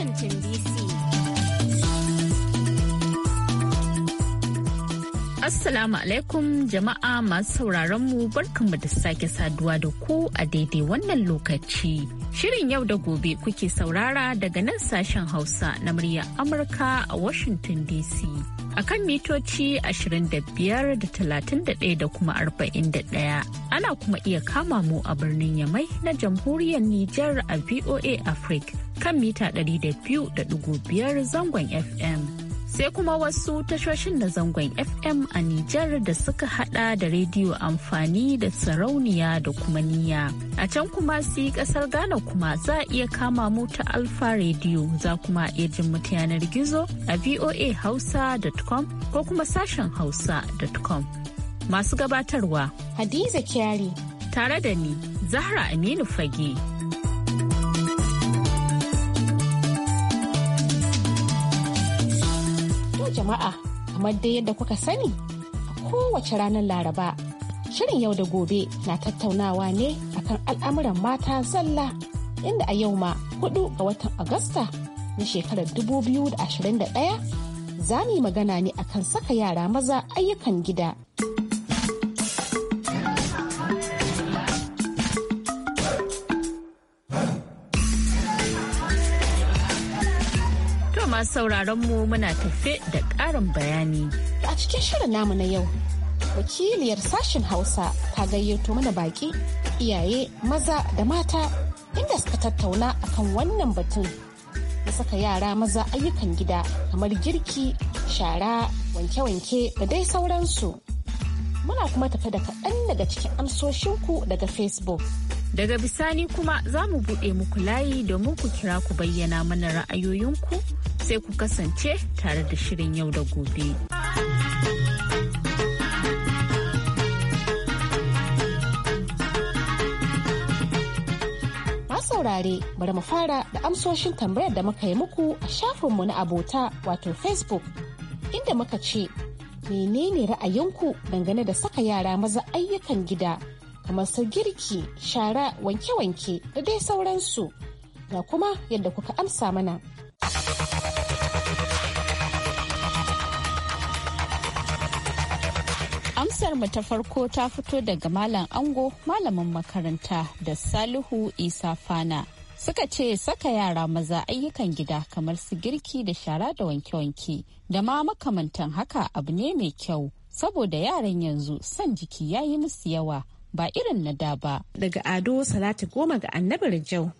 Washington DC. Assalamu alaikum jama'a masu sauraron mu barkanmu da sake saduwa da ku a daidai wannan lokaci. Shirin yau da gobe kuke saurara daga nan sashen Hausa na muryar Amurka a Washington DC. a kan mitoci 25 da 31 da kuma 41. Ana kuma iya kama mu a birnin Yamai na jamhuriyar Nijar a VOA Africa kan mita 200.5 zangon FM. Sai kuma wasu tashoshin na zangon FM a Nijar da suka hada da rediyo amfani da sarauniya da kuma niya. A can kuma si kasar Ghana kuma za a iya kama mu ta Alfa Radio za kuma iya jin mutu yanar gizo a voahausa.com ko kuma sashen hausa.com. Masu gabatarwa. Hadiza Kyari. Tare da ni, Zahra Aminu Fage. jama'a kamar dai yadda kuka sani a kowace ranar laraba shirin yau da gobe na tattaunawa ne akan al'amuran mata zalla inda a yau ma huɗu ga watan agusta na shekarar 2021 za mu yi magana ne akan saka yara maza ayyukan gida. sauraron mu muna tafe da ƙarin bayani. A cikin shirin namu na yau, wakiliyar sashen Hausa ta gayyato mana baki iyaye maza da mata inda suka tattauna akan wannan batun da saka yara maza ayyukan gida kamar girki, shara, wanke-wanke da dai sauransu. Muna kuma tafe da kaɗan daga cikin amsoshinku daga Facebook. Daga bisani kuma za mu buɗe muku layi domin ku kira ku bayyana mana ra'ayoyinku sai ku kasance tare da shirin yau da gobe. saurare bari mu fara da amsoshin tambayar da muka yi muku a shafinmu na abota wato facebook inda muka ce menene ra'ayinku dangane da saka yara maza ayyukan gida kamar su girki shara wanke-wanke da dai sauransu ga kuma yadda kuka amsa mana. amsar mu ta farko ta fito daga malam ango malamin makaranta da salihu isa fana suka ce saka yara maza ayyukan gida kamar su girki da shara da wanke-wanke da ma makamantan haka abu ne mai kyau saboda yaran yanzu son jiki yayi musu yawa ba irin na da ba. Daga Ado Salatu Goma ga annabar Jau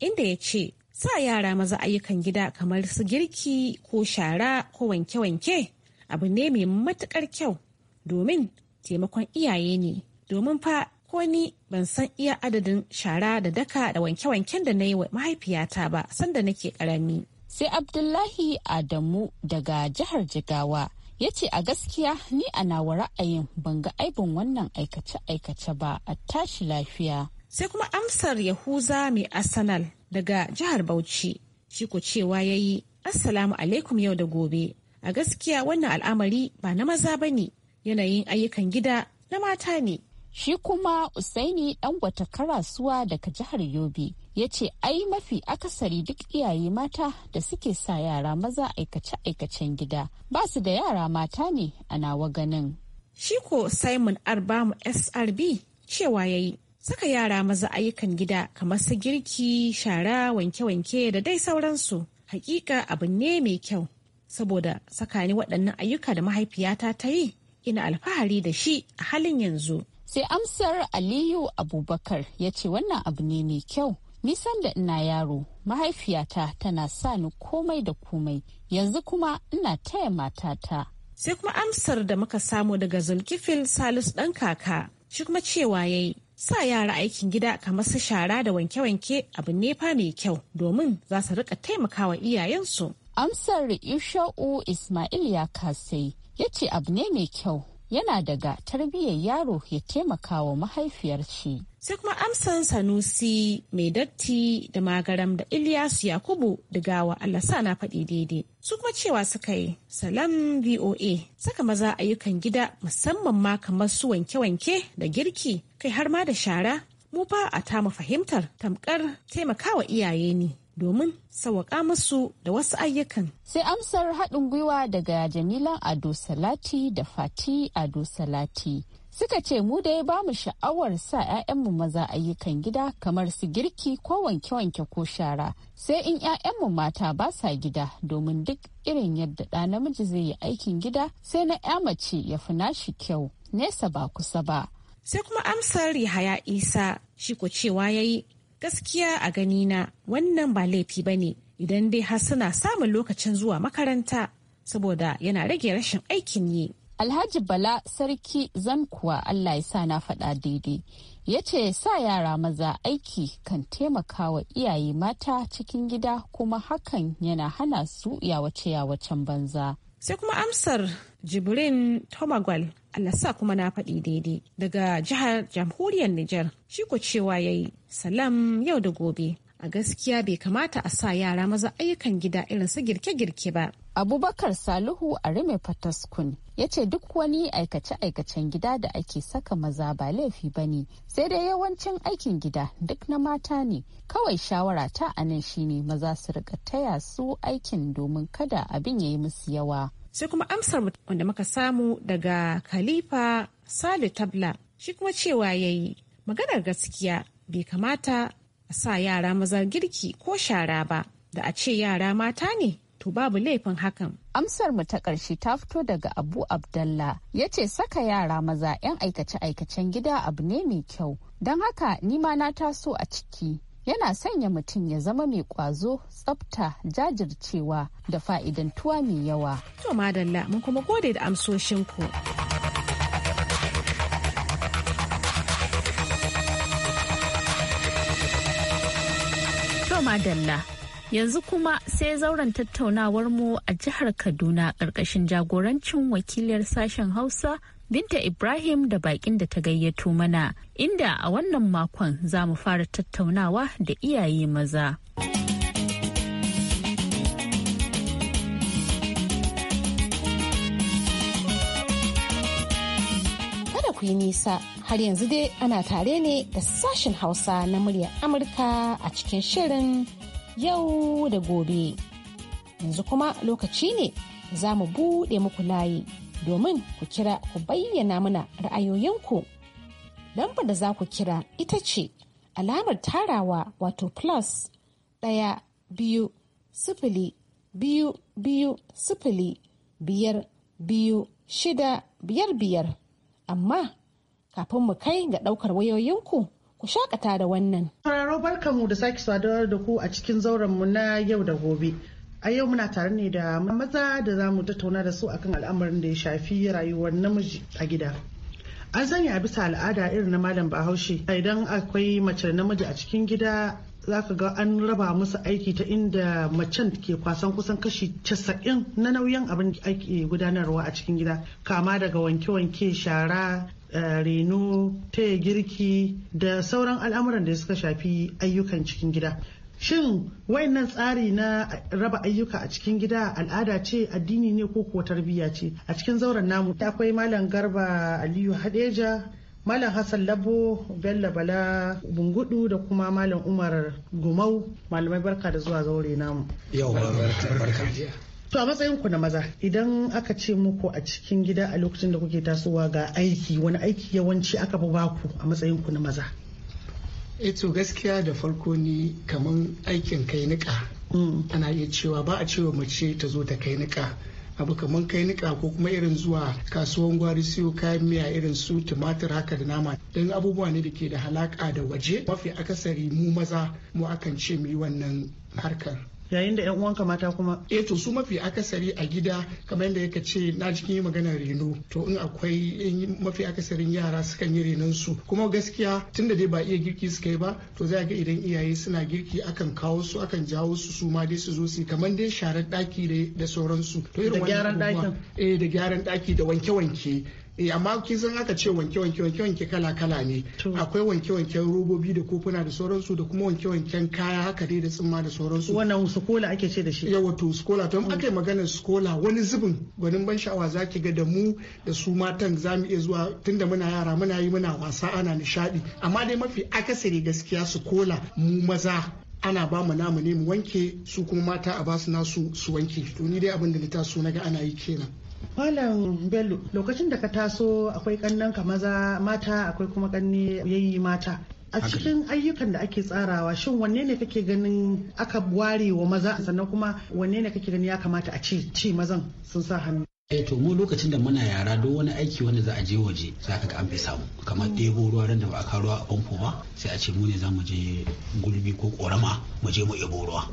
inda ya ce, sa yara maza ayyukan gida kamar su girki ko shara ko wanke-wanke abu ne mai matukar kyau domin taimakon iyaye ne domin fa ko ni ban san iya adadin shara da daka da wanke-wanken da na yi wa mahaifiyata ba sanda nake karami. Sai Abdullahi Adamu daga jihar Jigawa ya ce a gaskiya ni a nawa ra'ayin ban ga aibin wannan aikace-aikace ba a tashi lafiya. Sai kuma amsar Yahuza mai Arsenal daga jihar Bauchi shi ko cewa ya yi Assalamu alaikum yau da gobe. A gaskiya wannan al'amari ba na maza ba ne yanayin ayyukan gida na mata ne. Shi kuma Usaini ɗan wata karasuwa daga jihar Yobe ya ce ai mafi akasari duk iyaye mata da suke sa yara maza aikace-aikacen gida ba su da yara mata ne a nawa ganin. Shi ko Simon Arbamu SRB cewa ya yi saka yara maza ayyukan gida kamar su girki, shara, wanke-wanke da dai sauransu. Hakika abu ne mai kyau saboda sakani waɗannan ayyuka da mahaifiyata ta yi ina alfahari da shi a halin yanzu. Sai amsar Aliyu Abubakar ya ce wannan abu ne mai kyau. nisan da ina yaro mahaifiyata tana sa ni komai da komai yanzu kuma ina taya matata sai kuma amsar da muka samu daga zulkifil salis ɗan kaka shi kuma cewa ya yi. sa yara aikin gida kamar su shara da wanke-wanke abu nefa mai kyau domin za su rika taimakawa iyayensu. Amsar Isha'u Ismail ya kasai ya ce abu ne mai kyau yana daga tarbiyyar yaro ya taimaka wa mahaifiyar shi. Sai kuma amsan Sanusi mai datti da magaram da Ilyas Yakubu digawa Allah sa na faɗi daidai. Su kuma cewa suka yi salam VOA saka maza ayyukan gida musamman ma kamar su wanke-wanke da girki kai har ma da shara mu fa a mu fahimtar tamkar taimakawa iyaye ne domin sawaƙa musu da wasu ayyukan. Sai amsar haɗin gwiwa daga Jamilan Ado Salati da Fati Ado Salati. Suka ce mu dai ya mu sha'awar sa 'ya'yanmu maza ayyukan gida kamar su girki ko wanke-wanke ko shara sai in 'ya'yanmu mata ba sa gida domin duk irin yadda ɗa namiji zai yi aikin gida sai na 'ya mace ya fi nashi kyau nesa ba kusa ba. Sai kuma amsar Yahaya Isa shi ko cewa ya yi Gaskiya a ganina wannan ba laifi ba ne idan dai har suna samun lokacin zuwa makaranta saboda yana rage rashin aikin yi. Alhaji Bala Sarki Zankuwa Allah ya sa na faɗa daidai ya ce sa yara maza aiki kan taimakawa iyaye mata cikin gida kuma hakan yana hana su yawace yawacen banza. Sai kuma amsar Jibrin Tomagwal Allah sa kuma na faɗi daidai daga jihar jamhuriyar Nijar shi ku cewa ya yi salam yau da gobe a gaskiya bai kamata a sa yara maza ayyukan gida irin su girke-girke ba. Abubakar Salihu a Rime Fataskun ya ce duk wani aikace-aikacen gida da ake saka maza ba laifi ba ne sai dai yawancin aikin gida duk na mata ne kawai shawara ta a shine maza su rika taya su aikin domin kada abin ya yi musu yawa. sai kuma amsar mu wanda muka samu daga khalifa sale tabla shi kuma cewa ya yi maganar gaskiya bai kamata a sa yara maza girki ko shara ba da a ce yara mata ne to babu laifin hakan. Amsar mu ta ƙarshe ta fito daga Abu abdalla ya ce saka yara maza 'yan aikace-aikacen gida abu ne mai kyau. Don haka nima na taso a ciki yana sanya mutum ya zama mai kwazo tsafta jajircewa da fa'idantuwa mai yawa. To madalla mun kuma gode da amsoshinku. To madalla yanzu kuma sai zauren tattaunawar mu a jihar Kaduna ƙarƙashin jagorancin wakiliyar sashen Hausa Binta Ibrahim da bakin da ta gayyato mana, inda a wannan makon za mu fara tattaunawa da iyaye maza. Kada ku yi nisa, har yanzu dai ana tare ne da sashen Hausa na muryar Amurka a cikin shirin yau da gobe. Yanzu kuma lokaci ne za mu buɗe muku layi domin ku kira ku bayyana mana ra'ayoyinku. Lambar da za ku kira ita ce alamar tarawa wato plus ɗaya biyu sifili biyu biyu sifili biyar biyu shida biyar biyar amma kafin mu kai ga ɗaukar wayoyinku ku shaƙata da wannan. Sauraro barkamu da sake saduwar da ku a cikin zauren mu na yau da gobe. A yau muna tare ne da maza da za mu tattauna da su akan al'amarin da ya shafi rayuwar namiji a gida. An sani a bisa al'ada irin na malam bahaushe idan akwai mace da namiji a cikin gida za ka ga an raba musu aiki ta inda macen ke kwasan kusan kashi casa'in na nauyin abin ake gudanarwa a cikin gida kama daga wanke-wanke shara eh, reno taya girki da sauran al'amuran da suka shafi ayyukan cikin gida shin wayannan tsari na raba ayyuka a cikin gida al'ada ce addini ne ko kuwa tarbiyya ce a cikin zauren namu akwai malam garba aliyu hadeja Malam Hassan Labo Bello Bala Bungudu da kuma Malam Umar Gumau malamai barka da zuwa zaure namu. Yau To a matsayin ku na maza idan aka ce muku a cikin gida a lokacin da kuke tasowa ga aiki wani aiki yawanci aka fi baku a matsayin ku na maza. Eto eh, gaskiya da farko ni kaman aikin kai nika. Mm. ana iya cewa ba a cewa mace ta zo ta kai nika. abu kaman kai nika ko kuma irin zuwa kasuwan gwari siyo kayan miya irin su tumatir haka da nama don abubuwa ne da ke da halaƙa da waje mafi akasari mu maza mu akan ce mu yi wannan harkar yayin da 'yan uwanka mata kuma eh to su mafi akasari a gida kamar yadda yake ce na cikin yi magana reno to in akwai mafi akasarin yara sukan yi renon su kuma gaskiya tunda dai ba iya girki suka yi ba to za ga idan iyaye suna girki akan kawo su akan jawo su su ma dai su zo su kamar dai sharar daki da sauransu to irin wannan eh, da gyaran daki da wanke-wanke Eh, amma kin san aka ce wanke wanke wanke wanke kala kala ne akwai wanke wanken robobi da kofuna da sauransu da kuma wanke wanken kaya haka dai da tsimma da sauransu wannan sukola ake ce da shi yawa to sukola to mm. aka yi maganar sukola wani zubin gwanin ban sha'awa zaki ga da mu da su matan zamu iya zuwa tunda muna yara muna yi muna wasa ana nishadi amma dai mafi akasari gaskiya sukola mu maza ana ba mu namu ne mu wanke su kuma mata a basu nasu su wanke to ni dai abin da na ga naga ana yi kenan Malam Bello lokacin da ka taso akwai kannan ka maza mata akwai kuma kanne yayi mata. A cikin ayyukan da ake tsarawa shin wanne ne kake ganin aka ware wa maza sannan kuma wanne ne kake ganin ya kamata a ce ci mazan sun sa hannu? eh to mu lokacin da muna yara duk wani aiki wanda za a je waje za ka ga an fi samu kamar mm. ɗebo ruwa ran da ba a kawo ruwa a famfo ba sai a ce mu ne za mu je gulbi ko ƙorama mu je mu ɗebo ruwa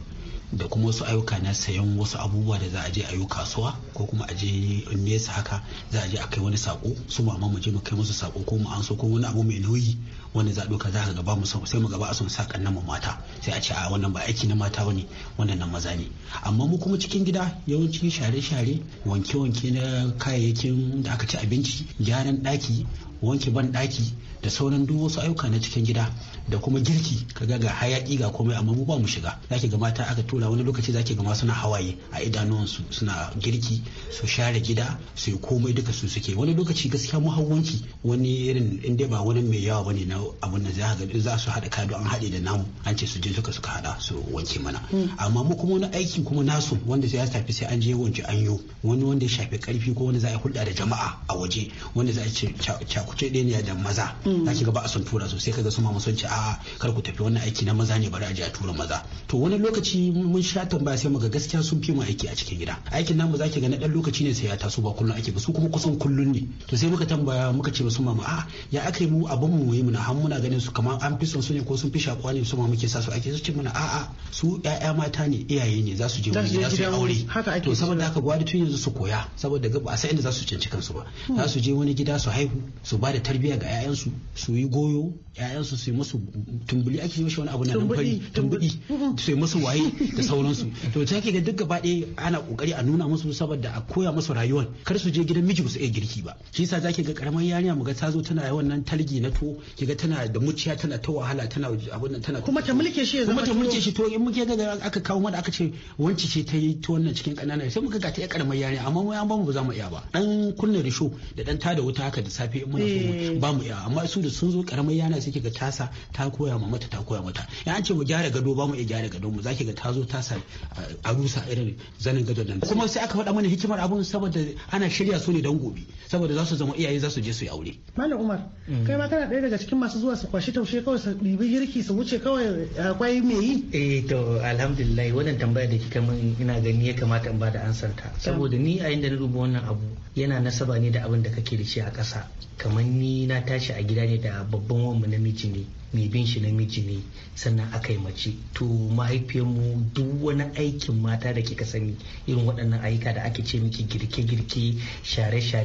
da kuma wasu ayyuka na sayan wasu abubuwa da za a je a yi kasuwa ko kuma a je nesa haka za a je a kai wani sako su ma mu je mu kai musu sako ko mu an so ko wani abu mai nauyi wani za a za ka gaba mu sai mu gaba a son sakan nan mata sai a ce a wannan ba aiki na mata bane wannan nan maza ne amma mu kuma cikin gida yawanci share-share wanke-wanke na kayayyakin da aka ci abinci gyaran ɗaki wanke ban ɗaki da sauran duk wasu ayyuka na cikin gida da kuma girki kaga ga hayaki ga komai amma mu ba mu shiga zaki ga mata aka tura wani lokaci zaki ga ma suna hawaye a idanuwansu suna girki su share gida su yi komai duka su suke wani lokaci gaskiya mu hawwanci wani irin inda ba wani mai yawa bane na abin da za ga za su haɗa kado an haɗe da namu an ce su je suka suka haɗa su wanke mana hmm. amma mu kuma wani aikin kuma nasu wanda ya tafi sai an je wanke an yo wani wanda ya shafi karfi ko wanda za a hulɗa da jama'a a waje wanda za a ce cakuce ɗaya ne da maza hmm. za ki ga a son tura ka ga su ma sun ce a kar ku tafi wannan aiki na maza ne bari a je a tura maza to wani lokaci mun sha tambaya sai muga gaskiya sun fi mu aiki a cikin gida aikin namu zaki ga na dan lokaci ne sai ya taso ba kullum ake ba su kuma kusan kullum ne to sai muka tambaya muka ce musu mama a ya aka yi mu abin mu yi har muna ganin su kamar an fi son su ne ko sun fi shakuwa ne su ma muke sa su ake su ce mana a'a su ƴaƴa mata ne iyaye ne za su je wani za su yi aure to saboda haka gwada tun yanzu su koya saboda ga ba sai inda za su canci kansu ba hmm. za su je wani gida su haihu su ba da tarbiyya ga ƴaƴansu su yi goyo ƴaƴansu su yi musu tumbuli ake mishi wani abu na nan fari Tumbuli hmm. su yi musu waye da sauransu to ta ke ga duk gaba ɗaya ana kokari a nuna musu saboda a koya musu rayuwar kar su je gidan miji ba su iya girki ba shi yasa zaki ga karamar yarinya muga ta zo tana yawan nan talgi na to kiga tana da muciya tana ta wahala tana abin nan tana kuma ta mulke shi kuma ta mulke shi to in muke ga aka kawo mana aka ce wanci ce ta yi ta wannan cikin kanana sai muka ga ta ya karamar yare amma mu an ba mu ba za mu iya ba dan kunna risho da dan tada wuta haka da safe in muna so eh. ba mu iya amma su da sun zo karamar yana suke ga tasa ta koya ma mata ta koya mata ya an ce mu gyara gado ba mu iya gyara gado mu zaki ga ta zo tasa a rusa irin zanin gado nan kuma sai aka faɗa mana hikimar abun saboda ana shirya su ne dan gobe saboda za su zama iyaye za su je su yi aure malam umar kai ma kana ɗaya daga cikin masu zuwa su kwashi taushe kawai su ɗibi girki su wuce kawai akwai me yi eh to alhamdulillah wannan tambaya da kika min ina gani ya kamata in bada ansar ta saboda ni a inda na duba wannan abu yana nasaba ne da abin da kake da shi a ƙasa kamar ni na tashi a gida ne da babban wanmu namiji ne mai bin shi namiji ne sannan aka yi mace to mahaifiyarmu duk wani aikin mata da kika sani irin waɗannan ayyuka da ake ce miki girke-girke share-share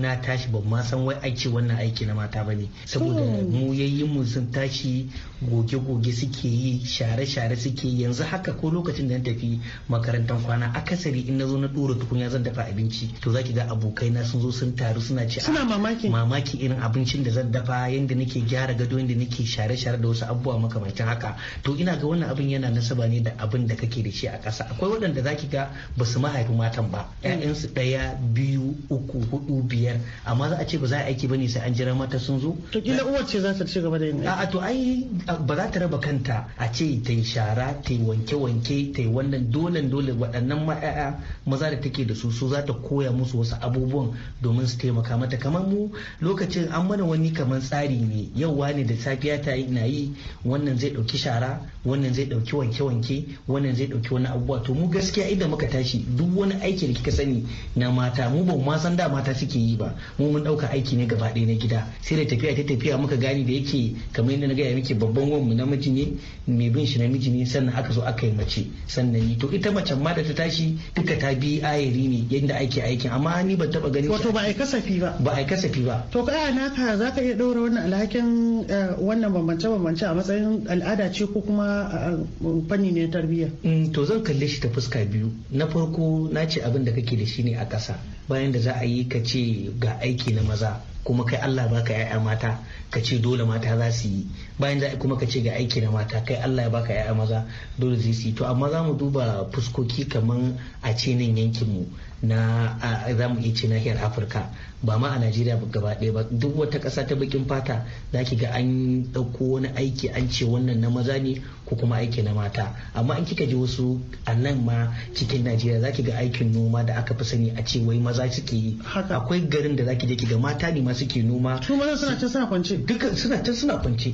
na tashi ban ma san wai aiki wannan aiki na mata ba ne saboda hmm. mu yayin mu sun tashi goge-goge suke yi share-share suke yanzu haka ko lokacin da na tafi makarantar kwana akasari in na zo na ɗora tukunya zan dafa abinci to zaki ga abokai na sun zo sun taru suna ce suna ah, mamaki mamaki irin abincin da zan dafa yanda nake gyara gado yanda nake share-share da wasu abubuwa makamancin haka to ina ga wannan abin yana nasaba ne da abin da kake da shi a ƙasa akwai waɗanda zaki ga ba su mahaifi matan ba mm. ƴaƴansu ɗaya biyu uku hudu biyar amma za a ce ba za a aiki ba ne sai an jira mata sun zo to kila uwar ce za ta ci gaba da yin a'a to ai ba za ta raba kanta a ce ta yi shara ta yi wanke-wanke ta yi wannan dole dole waɗannan ma'a'a maza da take da su su za ta koya musu wasu abubuwan domin su taimaka mata kamar mu lokacin an mana wani kamar tsari ne yau wani da safiya ta yi na yi wannan zai ɗauki shara wannan zai ɗauki wanke-wanke wannan zai ɗauki wani abubuwa to mu gaskiya idan muka tashi duk wani aiki da kika sani na mata mu ba mu san da mata suke yi ba mu mun ɗauka aiki ne gaba ɗaya na gida sai da tafiya ta tafiya muka gane da yake kamar yadda na gaya muke babban wanmu namiji ne mai bin shi namiji ne sannan aka zo aka yi mace sannan ni to ita macen ma da ta tashi duka ta bi ayari ne yadda ake aikin amma ni ban taɓa ganin wato ba a kasafi ba ba a kasafi ba to ka naka za ka iya ɗaura wannan alhakin eh, wannan bambance-bambance a matsayin al'ada ce ko kuma fanni ne tarbiyya mm, to zan kalle shi ta fuska biyu na farko na ce abin da kake da shi ne a ƙasa bayan da za a yi ka ce ga aiki na maza kuma kai Allah baka ya'ya mata ka ce dole mata za su yi bayan za kuma ka ce ga aiki na mata kai Allah ya baka ya'ya maza dole zai su yi to amma za mu duba fuskoki kamar a ce nan yankin mu na za mu iya ce nahiyar Afirka ba ma a Najeriya gaba ɗaya ba duk wata ƙasa ta bakin fata za ki ga an ɗauko wani aiki an ce wannan na maza ne ko kuma aiki na mata amma in kika je wasu a nan ma cikin najeriya zaki ga aikin noma da aka fi sani a ce wai maza suke yi akwai garin da zaki je ki ga mata ne ma suke noma su maza suna can suna kwance duka suna can suna kwance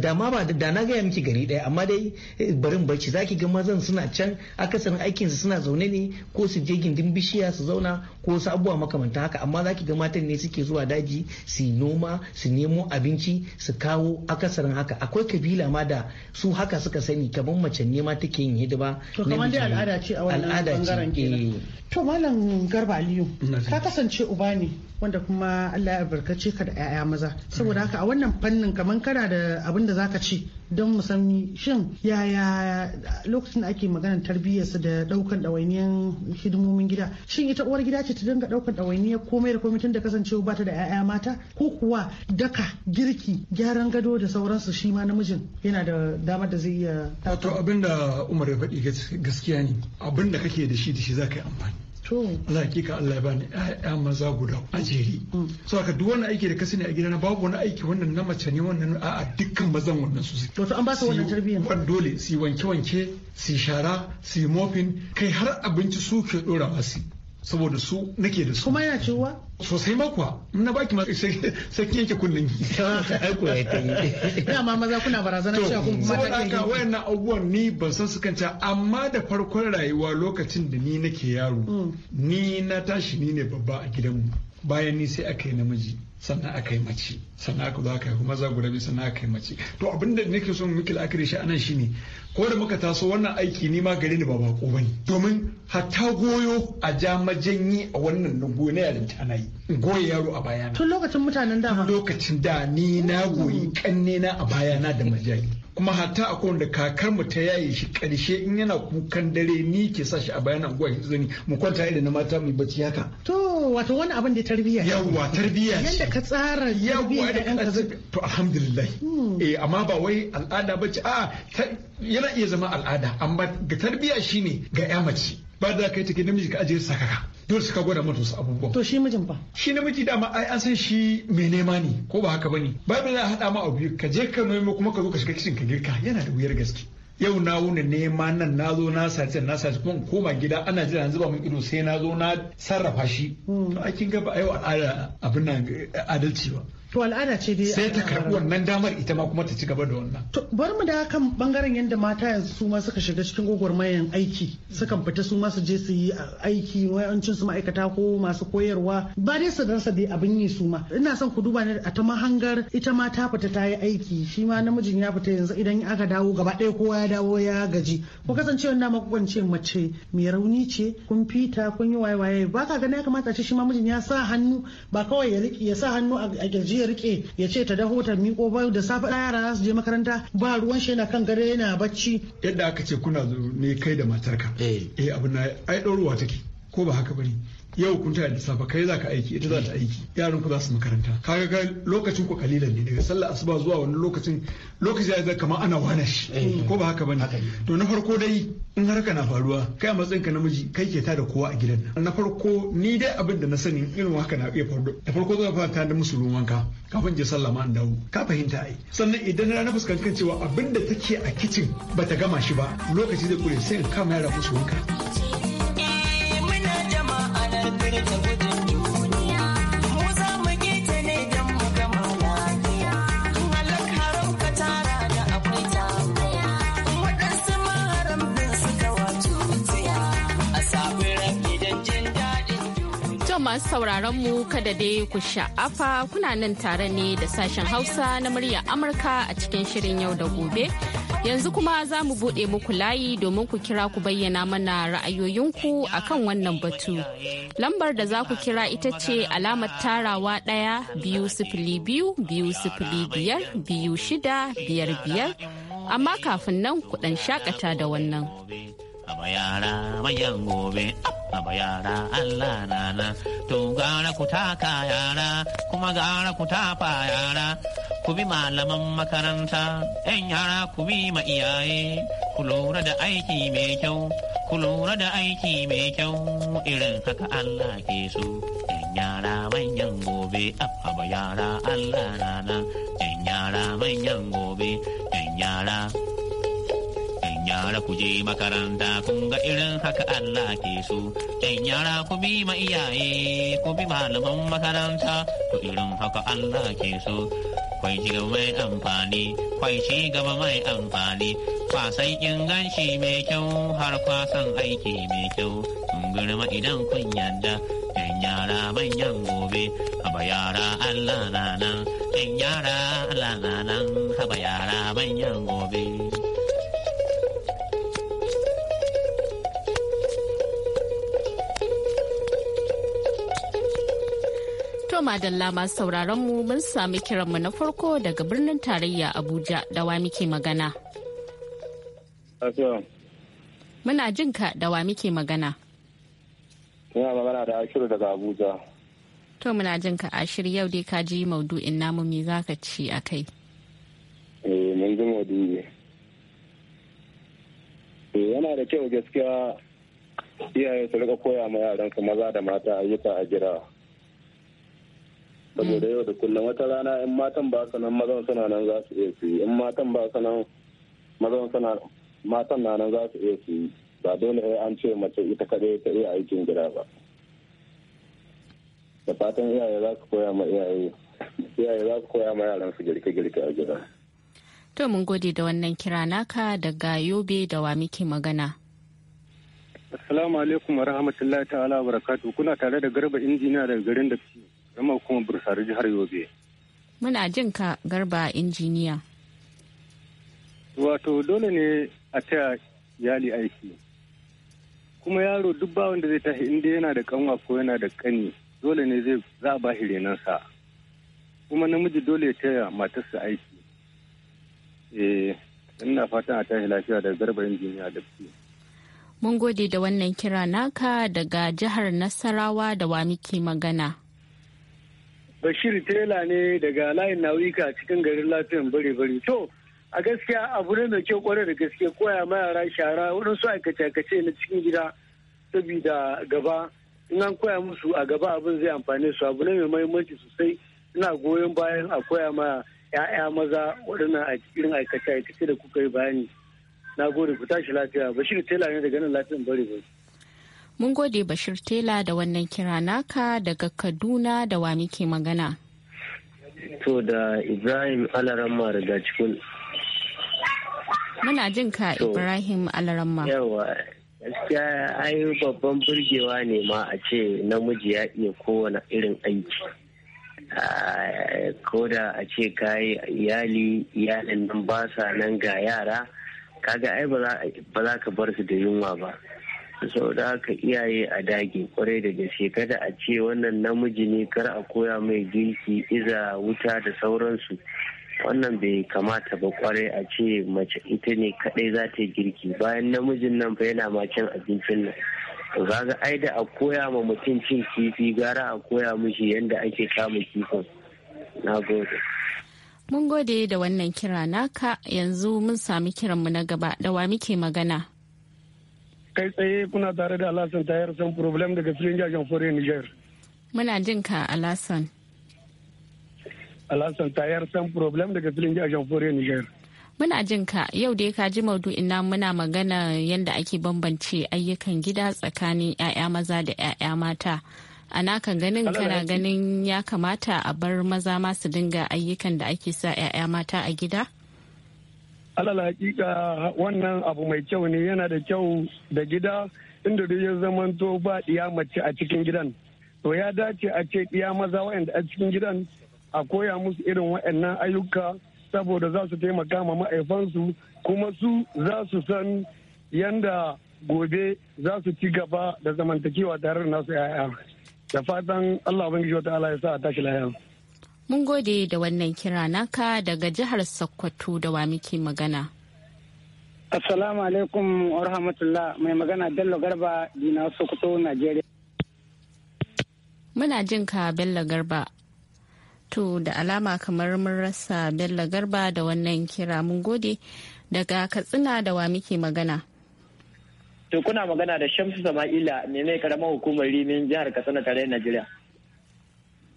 da ma ba da na gaya miki gari daya amma dai eh, barin barci zaki ga mazan suna can akasarin aikin su suna zaune ne ko su je gindin bishiya su zauna ko su abubuwa makamanta haka amma zaki ga matan ne suke zuwa daji su noma su nemo abinci su kawo akasarin haka akwai kabila ma da su haka suka sani kamar mace ne ma take yin hidima to kamar dai al'ada ce a wannan bangaren kenan eh. to malam garba aliyu ka kasance uba ne wanda kuma Allah ya barkace ka da 'ya'ya maza saboda haka a wannan fannin kamar kana da abin da za ka ci don mu san shin yaya lokacin da ake maganar tarbiyyarsa da daukan ɗawainiyar hidimomin gida shin ita uwar gida ce ta dinga daukan ɗawainiyar komai da komai tun da kasancewa ba ta da 'ya'ya mata ko kuwa daka girki gyaran gado da sauransu shi ma namijin yana da damar da zai iya wato abin da umar ya faɗi gaskiya ne abin kake da shi da shi za ka yi amfani Allah kika Allah ya bani ya maza guda a jeri mm. so aka duk wani aiki da ka sani a gidana babu wani aiki wannan na mace ne wannan a'a dukkan mazan wannan su to an ba su wannan tarbiyyar dole su wanke wanke su shara Si mofin kai har abinci su ke dora masu saboda su nake da su kuma ce wa. sosai ma kuwa na baki ma sai kin yanke kunnen ki ko ya tayi na ma maza kuna barazana cewa kun kuma ta kai ka wayannan abubuwan ni ban san su kanta amma da farkon rayuwa lokacin da ni nake yaro mm. ni na tashi ni ne babba a gidanmu bayan ni sai aka yi namiji sannan aka yi mace sannan aka zo aka yi maza guda biyu sannan aka yi mace to abin da nake son miki la'akari shi anan shine ko da muka taso wannan aiki ni ma gari ni ba bako bane domin hatta goyo a ja yi a wannan na goyo na yaren tana yi goye yaro a bayana tun lokacin mutanen da lokacin da ni na goyi kanne na a bayana da majali kuma hatta akwai wanda kakar mu ta yaye shi karshe in yana kukan dare ni ke sa shi a bayan anguwa shi zani mu kwanta irin na mata mu bacci haka to wato wani abin da tarbiyya yawa tarbiyya ce yanda ka tsara yawa da kanka to alhamdulillah hmm. eh amma ba wai al'ada bace a yana iya zama al'ada amma ga tarbiyya shine ga ya mace ba da kai take namiji ka ajiye sakaka dole suka gwada mata wasu abubuwa to shi mijin fa shi namiji dama ai an san shi mai nema ne ko ba haka bane ba bai za hada ma abu ka je ka nemo kuma ka zo ka shiga kicin ka girka yana da wuyar gaske yau na wuni nema nan na zo na sace na sace kuma koma gida ana jira an zuba mun ido sai na zo na sarrafa shi hmm. to a kin ga ba yau al'ada abin nan adalci ba to al'ada ce dai sai ta karɓi wannan damar ita ma kuma ta ci gaba da wannan to bar mu da kan bangaren yadda mata yanzu su ma suka shiga cikin gwagwarmayan aiki sukan fita su ma su je su yi aiki wayancin su ma'aikata ko masu koyarwa ba dai su rasa dai abin yi su ma ina son ku duba ne a ta mahangar ita ma ta fita ta yi aiki shi ma namijin ya fita yanzu idan aka dawo gaba ɗaya kowa ya dawo ya gaji ku kasance wannan makwance mace mai rauni ce kun fita kun yi waye waye ba ka gani ya kamata ce shi ma mijin ya sa hannu ba kawai ya ya sa hannu a kirji ya rike ya ce ta daho ta miko bayu da safe yara za su je makaranta ba ruwan shi yana kan gare yana bacci yadda aka ce kuna ne kai da matarka eh, eh abin na ai ɗaurowa take ko ba haka bane yau kun tana da safe kai za ka aiki ita za ta aiki yaran ku za su makaranta kaga ga lokacin ku kalilan ne daga sallah asuba zuwa wani lokacin lokaci ya zai kamar ana wana shi eh, ko ba haka bane to na farko dai in har na faruwa kai a matsayin ka namiji kai ke tada kowa a gidan na farko ni dai abin da na sani irin haka na iya faruwa da farko zan fara tada musu ruwan wanka kafin je sallah ma an dawo ka fahimta ai sannan idan na fuskanci cewa abin da take a kicin bata gama shi ba lokaci zai kure sai in kama yara musu wanka masu sauraron mu kada dai ku sha'afa kuna nan tare ne da sashen Hausa na murya Amurka a cikin shirin yau da gobe. Yanzu kuma za mu buɗe muku layi domin ku kira ku bayyana mana ra'ayoyinku a kan wannan batu. Lambar da za ku kira ita ce alamar tarawa ɗaya biyu sifili biyu biyu sifili biyar biyu shida biyar biyar. Amma kafin nan ku ɗan shakata da wannan. aba ah, yara aba yara Allah rana to gara ku taka yara kuma gara ku yara ku bi malaman makaranta yan yara ku bi ma iyaye ku lura da aiki mai kyau ku lura da aiki mai kyau irin haka Allah ke so yan yara manyan gobe aba ah, yara Allah rana yan yara manyan gobe yan yara yara ku je makaranta kun ga irin haka Allah ke so. ɗan yara ku bi ma iyaye ku bi malaman makaranta to irin haka Allah ke so. Kwai ci gaba mai amfani, kwai ci gaba mai amfani, kwasan inganci mai kyau har kwasan aiki mai kyau. Kun girma idan kun yarda, ɗan yara manyan gobe, haba yara Allah na nan, ɗan yara Allah na nan, haba yara manyan gobe. madalla masu sauraron mu mun sami kiranmu na farko daga birnin tarayya Abuja da wa muke magana. Muna jin ka da wa muke magana. Ina magana da Ashiru daga Abuja. To muna jin ka Ashiru yau dai ka ji maudu'in namu me za ka ci a kai. Eh mun ji maudu'i. Eh yana da kyau gaskiya iyaye su rika koya ma yaran su maza da mata ayyuka a jira. saboda yau da kullum wata rana in matan ba su nan mazan suna nan za su iya su yi in matan ba su nan mazan suna matan na nan za su iya su yi ba dole sai an ce mace ita kare ta iya aikin gida ba da fatan iyaye za su koya ma iyaye iyaye za su koya ma yaran su girke-girke a gida to mun gode da wannan kira naka daga yobe da wa muke magana Assalamu alaikum wa rahmatullahi ta'ala wa barakatuh. Kuna tare da garba injiniya daga garin da zama kuma bursari jihar yobe muna jin ka garba injiniya wato dole ne a taya iyali aiki kuma yaro duk ba wanda zai tashi inda yana da kanwa ko yana da kani dole ne zai za a bashi renansa kuma namiji dole ya taya matarsa aiki eh ina fatan a tashi lafiya da garba injiniya da mun gode da wannan kira naka daga jihar nasarawa da wa muke magana bashir tela ne daga layin nauyuka cikin garin lafiyan bare bari to a gaskiya abu ne mai kyau kwarai da gaske koya ma yara shara waɗansu aikace-aikace na cikin gida saboda gaba in an koya musu a gaba abin zai amfane su abu ne mai mahimmanci sosai ina goyon bayan a koya ma ya'ya maza waɗannan cikin aikace-aikace da kuka yi bayani na gode ku tashi lafiya bashir tela ne daga nan lafiyan bare bare Mun gode Bashir Tela da wannan kira naka daga Kaduna da wa muke magana. To da Ibrahim Alaramma daga cikin. Muna jin ka Ibrahim Alaramma. Yawa, gaskiya ai babban burgewa ne ma a ce namiji ya iya kowane irin aiki. ko da a ce kayi iyali iyalin nan ba sa nan ga yara kaga ai ba za ka bar su da yunwa ba sau da haka iyaye a dage kwarai da gaske kada a ce wannan namiji ne kar a koya mai girki iza wuta da sauransu wannan bai kamata ba kwarai a ce mace ita ne kadai za ta yi girki bayan namijin nan fa yana macin abincin nan kaga ai da a koya ma mutum cin kifi gara a koya mishi yadda ake kama kifin na gode mun gode da wannan kira naka yanzu mun sami kiranmu na gaba da wa muke magana kai tsaye kuna tare da alasan tayar san problem daga filin jajen fure niger muna jin ka alasan alasan tayar san problem daga filin jajen fure niger muna jin ka yau dai ka ji maudu'in na muna magana yadda ake bambance ayyukan gida tsakanin 'ya'ya maza da 'ya'ya mata a naka ganin kana ganin ya kamata a bar maza masu dinga ayyukan da ake sa 'ya'ya mata a gida? alal hakika wannan abu mai kyau ne yana da kyau da gida inda duk ya zamanto ba diya mace a cikin gidan to ya dace a ce ɗiya maza wayanda a cikin gidan a koya musu irin wayannan ayyuka saboda za su taimaka ma ma'aifansu kuma su za su san yanda gobe za su ci gaba da zamantakewa tare da nasu 'ya'ya da fatan allah ubangiji wa ta'ala ya sa a tashi layan Mun gode da wannan kira naka daga jihar Sokoto da wa muke magana. Assalamu alaikum wa rahmatullah mai magana Bello Garba Dina Sokoto Najeriya. Muna jin ka Bello Garba. To da alama kamar mun rasa Bello Garba da wannan kira mun gode daga Katsina da wa muke magana. To kuna magana da Shamsu Sama'ila ne mai karamar hukumar Rimin jihar Katsina tare Najeriya.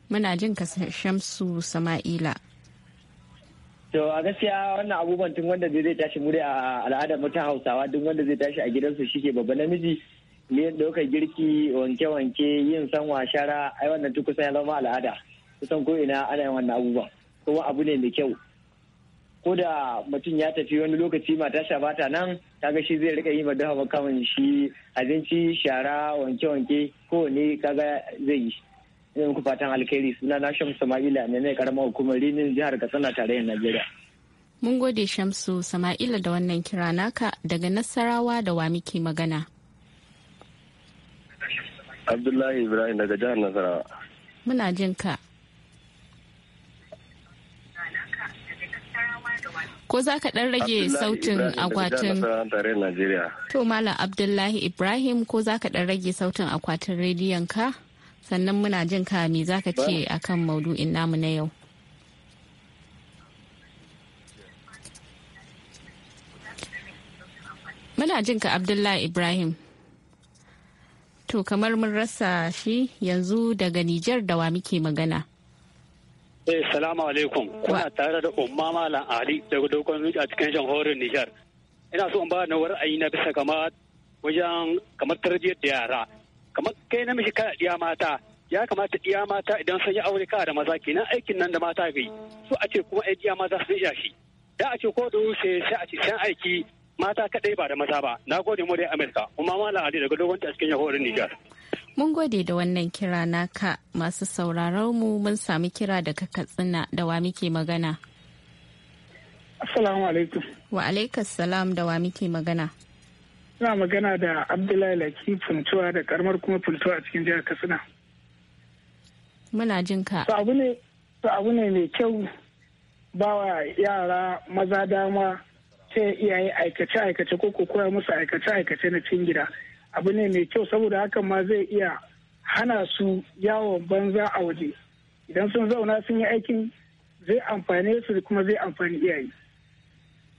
Muna jin ka Shamsu Sama'ila. To a gaskiya wannan abubuwan tun wanda zai tashi muri a al'adar mutan Hausawa duk wanda zai tashi a gidansu ke babba namiji ne ɗaukar girki wanke-wanke yin sanwa shara ai wannan duk kusan ya zama al'ada kusan ko ina ana yin wannan abubuwan kuma abu ne mai kyau ko da mutum ya tafi wani lokaci mata sha bata nan ga shi zai rika yi ma dafa makamin shi abinci shara wanke-wanke kowane kaga zai yi yin muku fatan alkhairi suna na Shamsu Sama'ila ne ne karamar hukumar Rinin jihar Katsina tarayyar Najeriya. Mun gode Shamsu Sama'ila da wannan kira naka daga Nasarawa da wa muke magana. Abdullahi Ibrahim daga jihar Nasarawa. Muna jin ka. Ko za ka ɗan rage sautin akwatin? To Malam Abdullahi Ibrahim ko za ka ɗan rage sautin akwatin rediyon ka? sannan muna jin ka me za ka ce akan maudu'in namu na yau muna jin ka abdullahi ibrahim to kamar mun rasa shi yanzu daga nijar da wa muke magana Eh, salamu alaikum. Kuna tare da umma Malam Ali daga dokon a cikin shan horin Nijar. Ina so in ba na ra'ayi na bisa kamar wajen kamar tarbiyyar da yara. kamar kai namiji kana ɗiya mata ya kamata ɗiya mata idan sun yi aure kana da maza kenan aikin nan da mata ga yi su a ce kuma ɗiya mata sun iya shi da a ce ko da wuce sai a ce san aiki mata kaɗai ba da maza ba na gode mu dai Amerika kuma mala ali daga dogon ta cikin yahorin nijar. mun gode da wannan kira naka masu sauraron mu mun sami kira daga katsina da wa muke magana. Assalamu alaikum. Wa alaikas salam da wa muke magana. Suna magana da Abdullahi Laki Funtuwa da karamar kuma Funtuwa a cikin jihar Katsina. Muna jin ka. abu ne mai kyau ba wa yara maza dama ce iyaye aikace-aikace ko koya musu aikace-aikace na cin gida. Abu ne mai kyau saboda hakan ma zai iya hana su yawon banza a waje. Idan sun zauna sun yi aikin zai amfane su kuma zai amfani iyaye.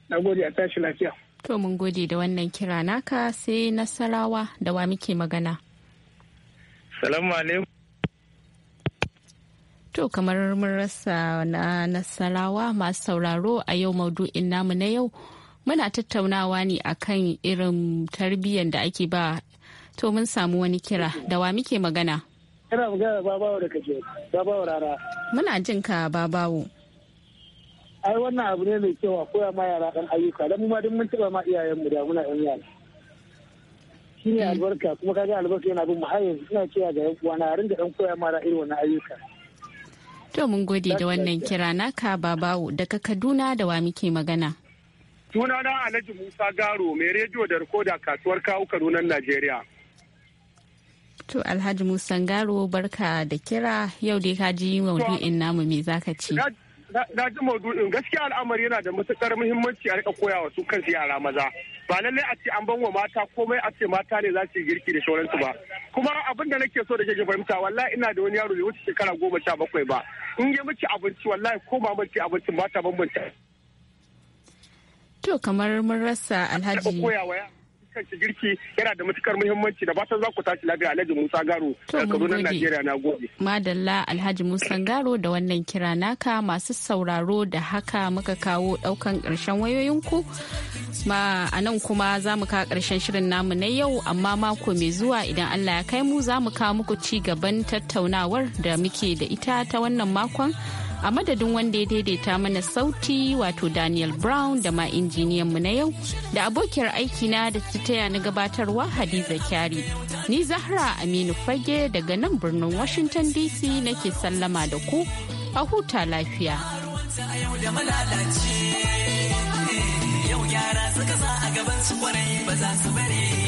Na gode a tashi lafiya. To mun gode da wannan kira naka sai nasarawa da wa muke magana. Salamu alaikum. To kamar mun rasa na nasarawa masu sauraro a yau maudu'in namu na yau muna tattaunawa ne akan irin tarbiyyar da ake ba to mun samu wani kira da wa muke magana. Kira magana babawo da kake babawo rara. Muna jin ka babawo. ai wannan abu ne mai kyau a koya ma yara dan ayyuka dan ma duk mun taba ma iyayen mu da muna yan yara shine albarka kuma kaga albarka yana bin mu har yanzu suna cewa ga yan uwa na ringa dan koya ma da irin wannan ayyuka to mun gode da wannan kira naka babawo daga Kaduna da wa muke magana sunana Alhaji Musa Garo mai rediyo da rikoda kasuwar kawo Kaduna Najeriya To Alhaji Musa Garo barka da kira yau dai ka ji maudu'in namu me zaka ce? na ji maudu'in gaskiya al'amari yana da matukar muhimmanci a rika koyawa su kansu yara maza ba lallai a ce an ban wa mata komai a ce mata ne za su yi girki da shauransu ba kuma abin da nake so da ke fahimta wallahi ina da wani yaro da wuce shekara goma sha bakwai ba in ya miki abinci wallahi ko ma miki abincin ba ta bambanta to kamar mun rasa alhaji kanshi girki yana da matukar muhimmanci da fatan za ku tashi lafiya Alhaji Musa Garo Kaduna Najeriya na gobe. Madalla Alhaji Musa Garo da wannan kira naka masu sauraro da haka muka kawo daukan karshen wayoyinku ma a nan kuma za mu kawo karshen shirin namu na yau amma mako mai zuwa idan Allah ya kai mu za mu kawo muku ci gaban tattaunawar da muke da ita ta wannan makon a madadin wanda ya daidaita mana sauti wato daniel brown da ma injiniyan mu na yau da abokiyar aikina da ta taya na gabatarwa hadiza kyari ni zahra aminu fage daga nan birnin washington dc nake sallama da ku a huta lafiya yau gyara suka sa a gaban su kwarai ba za su bari